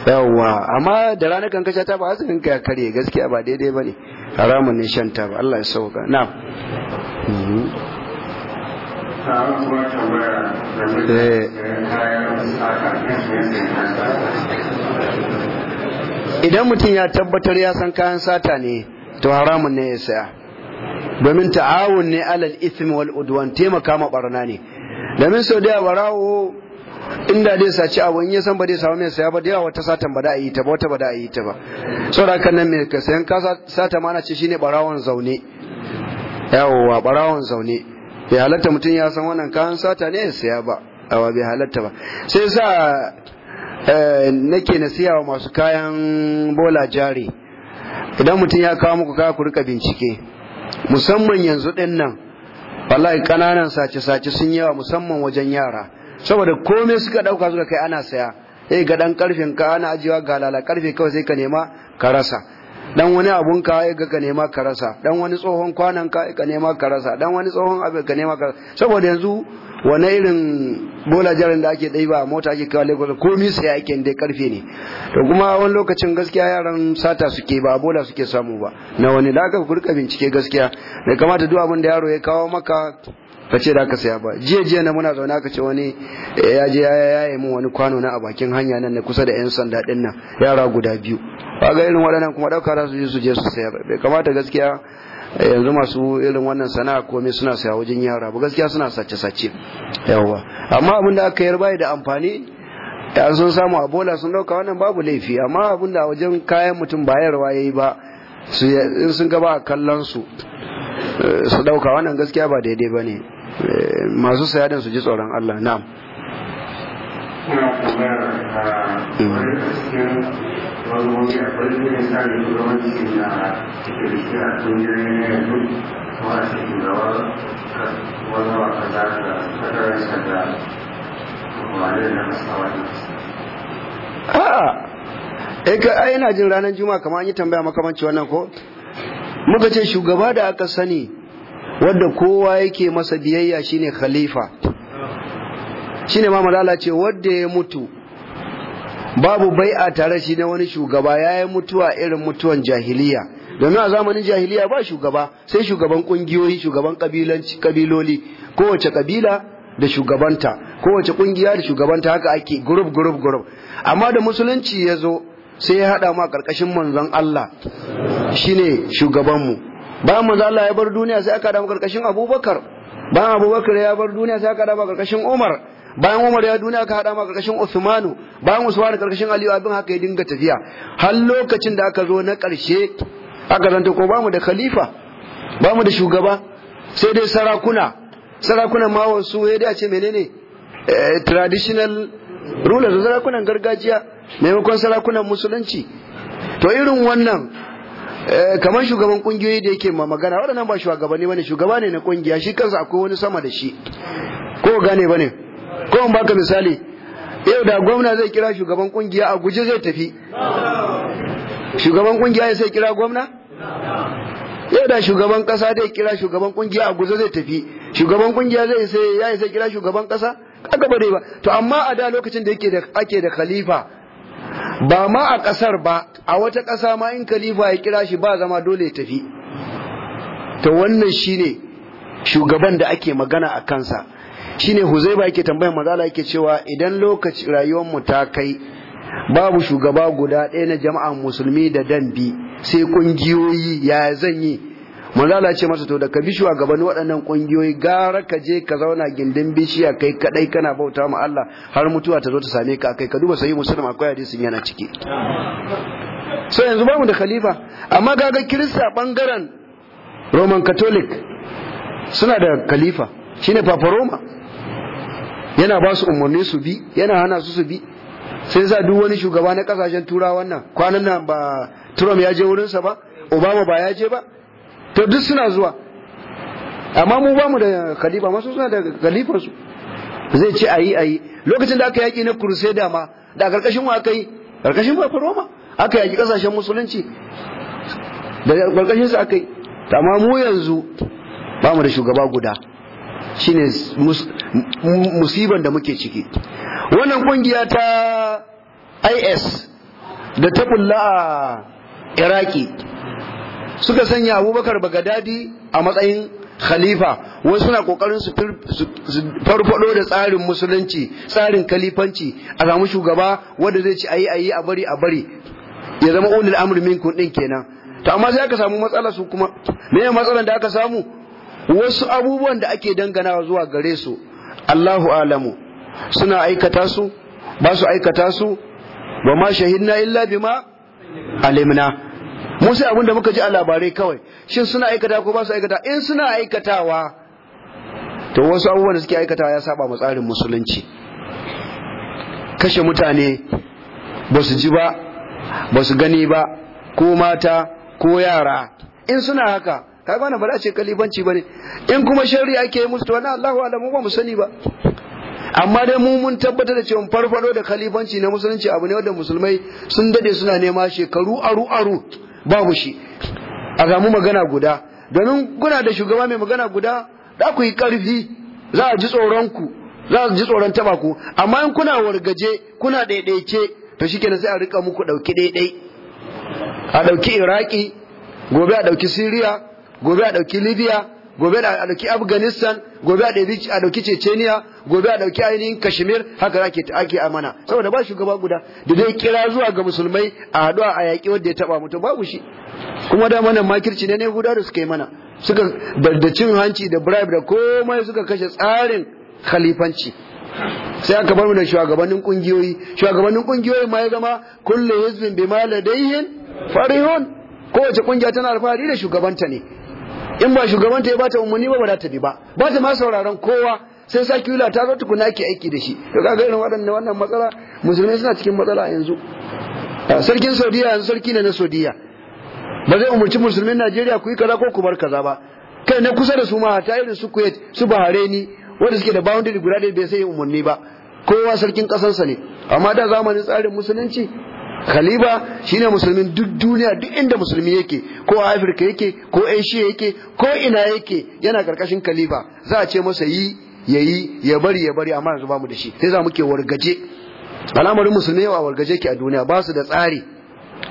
yawa amma da rana kan kasha taba azumin ka ya karye gaskiya ba daidai bane haramun ne shan taba Allah ya sauka na. Mhm. Eh. idan mutum ya tabbatar ya san kayan sata ne to haramun ne ya saya domin ta'awun ne alal ismi wal udwan taimaka ma barna ne domin sau da barawo inda dai saci abin ya san ba dai samu mai saya ba da yawa wata satan ba da yi ta ba wata ba da yi ta ba da kan nan mai sayan ka sata ma na ce shine barawon zaune yawowa barawon zaune bai halatta mutum ya san wannan kayan sata ne ya saya ba awa bai halatta ba sai sa eh, nake nasiya wa masu kayan bola jari idan mutum ya kawo muku kaya ku rika bincike musamman yanzu din nan wallahi kananan sace-sace sun yawa musamman wajen yara saboda komai suka dauka suka kai ana saya eh ga dan karfin ka ana ajiyewa ga lala karfe kawai sai ka nema ka rasa dan wani abun ka ga eh, ka nema ka rasa dan wani tsohon kwanan ka eh, ka nema ka rasa dan wani tsohon abin ka nema ka rasa saboda yanzu wani irin bola jarin da ake ɗai ba mota ake kawo lagos komi sai ake dai karfe ne to kuma wani lokacin gaskiya yaran sata suke ba bola suke samu ba na wani da aka kurka bincike gaskiya da kamata duk abin da yaro ya kawo maka ka ce da aka saya ba jiya jiya na muna zaune aka ce wani eh, ya je ya yaye mu wani kwano na a bakin hanya nan na kusa da yan sanda din nan yara guda biyu Ba ga irin waɗannan kuma ɗauka za su je su je su saya bai kamata gaskiya yanzu masu irin wannan sana'a komai suna saya wajen yara ba gaskiya suna sace-sace yawa amma abin da aka yarba da amfani an sun samu a bola sun dauka wannan babu laifi amma abin da wajen kayan mutum bayarwa ya yi ba in sun gaba a kallon su eh, su dauka wannan gaskiya ba daidai ba ne eh, masu saya su ji tsoron Allah na'am. wani wani akwai irin tsarin shugabancin da ke cikin shi a kungiyoyi na yanzu kuma a cikin gawar wani wata da ta karansa da wani da masu wani a'a ka ai ina jin ranar juma'a kamar an yi tambaya makamanci wannan ko muka ce shugaba da aka sani wadda kowa yake masa biyayya shine khalifa shine ma malala ce wadda ya mutu babu bai'a tare shi na wani shugaba ya yi mutuwa irin mutuwan jahiliya domin a zamanin jahiliya ba shugaba sai shugaban kungiyoyi shugaban kabiloli kowace kabila da shugabanta kowace kungiya da shugabanta haka ake gurub gurub gurub amma da musulunci ya zo sai ya haɗa ma ƙarƙashin manzon Allah shine shugabanmu bayan manzon Allah ya bar duniya sai aka haɗa ma ƙarƙashin Abubakar bayan Abubakar ya bar duniya sai aka haɗa ma ƙarƙashin Umar bayan Umar ya duniya aka hada ma karkashin Usmanu bayan Usmanu karkashin Aliyu abin haka ya dinga tafiya har lokacin da aka zo na karshe aka zanta ko bamu da khalifa bamu da shugaba sai dai sarakuna sarakunan ma wasu ya eh, a ce menene eh, traditional rulers sarakunan gargajiya maimakon sarakunan musulunci to irin wannan eh, kamar shugaban kungiyoyi da yake ma magana waɗannan ba shugabanni bane shugaba ne na kungiya shi kansa akwai wani sama da shi ko gane bane ko in baka misali yau da gwamna zai kira shugaban kungiya a guje zai tafi shugaban kungiya ya sai kira gwamna yau da shugaban kasa zai kira shugaban kungiya a guje zai tafi shugaban kungiya zai sai ya sai kira shugaban kasa kaga ba dai ba to amma a da lokacin da yake da ake da khalifa ba ma a kasar ba a wata kasa ma in khalifa ya kira shi ba zama dole ya tafi to wannan shine shugaban da ake magana a kansa shine huzaiba yake tambayar mazala yake cewa idan lokaci rayuwar mu ta kai babu shugaba guda ɗaya na jama'an musulmi da dambi sai kungiyoyi ya zan yi manzala ce masa to da ka bi shugabanni waɗannan kungiyoyi gara ka je ka zauna gindin bishiya kai kaɗai kana bauta ma Allah har mutuwa ta zo ta same ka kai ka duba sai muslim akwai hadisin yana ciki so yanzu bamu da khalifa amma kaga kirista bangaren roman catholic suna da khalifa shine papa roma yana ba su umarni su bi yana hana su su bi sai sa duk wani shugaba na kasashen turawan nan kwanan nan ba Trump ya je wurinsa ba Obama ba ya je ba to duk suna zuwa amma mu ba mu da khalifa masu suna da khalifarsu zai ce ayi ayi lokacin da aka yaki na crusade ma da karkashin wa aka yi karkashin ba Roma aka yaki kasashen musulunci da karkashin su aka yi amma mu yanzu ba mu da shugaba guda shine musiban da muke ciki wannan kungiya ta IS da ta bulla a Iraki suka sanya Abubakar Bagadadi a matsayin khalifa wasu suna kokarin su farfado da tsarin musulunci tsarin kalifanci a samu shugaba wanda zai ci ayi ayi a bari a bari ya zama ulul amr minkum din kenan to amma sai aka samu matsala su kuma me matsalan da aka samu wasu abubuwan da ake danganawa zuwa gare su Allahu alamu suna aikata su ba su aikata su wa ma shahidna illa bima alimna mu sai abinda muka ji a labarai kawai shin suna aikata ko ba su aikata in suna aikatawa to wasu abubuwan da suke aikatawa ya saba ma tsarin musulunci kashe mutane ba su ji ba ba su gani ba ko mata ko yara in suna haka Ka wannan ba za a ce kalibanci bane in kuma sharri ake musu to wannan Allahu alamu ba mu sani ba amma dai mu mun tabbatar da cewa farfado da kalibanci na musulunci abu ne wanda musulmai sun dade suna nema shekaru aru aru babu shi a mu magana guda domin kuna da shugaba mai magana guda da ku yi karfi za a ji tsoron ku za a ji tsoron taba ku amma in kuna wargaje kuna daidaice to shikenan sai a rika muku ɗauki daidai a ɗauki iraki gobe a ɗauki siriya gobe a ɗauki libya gobe a ɗauki afghanistan gobe a ɗauki cecenia gobe a ɗauki ainihin kashmir haka za ake a mana. saboda ba shugaba guda da dai kira zuwa ga musulmai a haɗu a yaƙi wanda ya taɓa mutu babu shi kuma da mana makirci ne ne guda da suka yi mana suka da cin hanci da bribe da komai suka kashe tsarin khalifanci sai aka bar mu da shugabannin kungiyoyi shugabannin kungiyoyi ma ya zama kullu hizbin bima ladayhin farihun kowace kungiya tana alfahari da shugabanta ne in ba shugabanta ya bata umarni ba ba za ta bi ba ba ta ma sauraron kowa sai sa yula ta zo tukuna ake aiki da shi to kaga irin waɗannan wannan matsala musulmai suna cikin matsala yanzu sarkin saudiya yanzu sarki ne na saudiya ba zai umarci musulmin najeriya ku yi kaza ko ku bar kaza ba kai na kusa da su ma ta irin su kuwait su bahareni wanda suke da boundary guda bai sai umarni ba kowa sarkin ƙasarsa ne amma da zamanin tsarin musulunci khalifa shine musulmin duk duniya duk inda musulmi yake ko a afirka yake ko asia yake ko ina yake yana karkashin khalifa za a ce masa yi yayi ya bari ya bari amma yanzu bamu da shi sai za muke wargaje al'amarin musulmi yawa wargaje ke a duniya ba su da tsari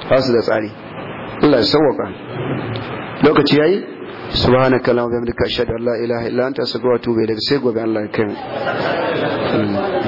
ba su da tsari Allah ya sauwaka lokaci yayi subhanaka allahumma wa bihamdika ashhadu an la ilaha illa anta astaghfiruka wa atubu ilayk sai gobe Allah ya kai